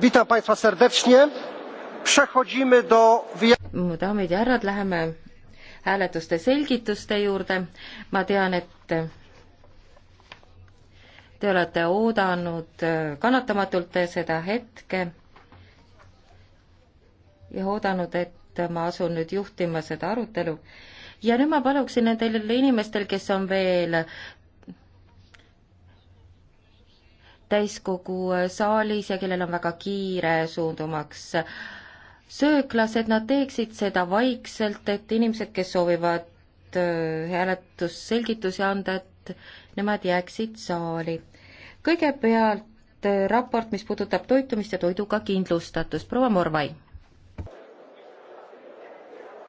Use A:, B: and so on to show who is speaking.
A: witam państwa serdecznie. przechodzimy do.
B: mu daamid ja härrad läheme hääletuste selgituste juurde. ma tean, et te olete oodanud kannatamatult seda hetke ja oodanud, et ma asun nüüd juhtima seda arutelu ja nüüd ma paluksin nendel inimestel, kes on veel täiskogu äh, saalis ja kellel on väga kiire suundumaks sööklas, et nad teeksid seda vaikselt, et inimesed, kes soovivad äh, hääletusselgitusi anda, et nemad jääksid saali. kõigepealt äh, raport, mis puudutab toitumist ja toiduga kindlustatust. proua Morvai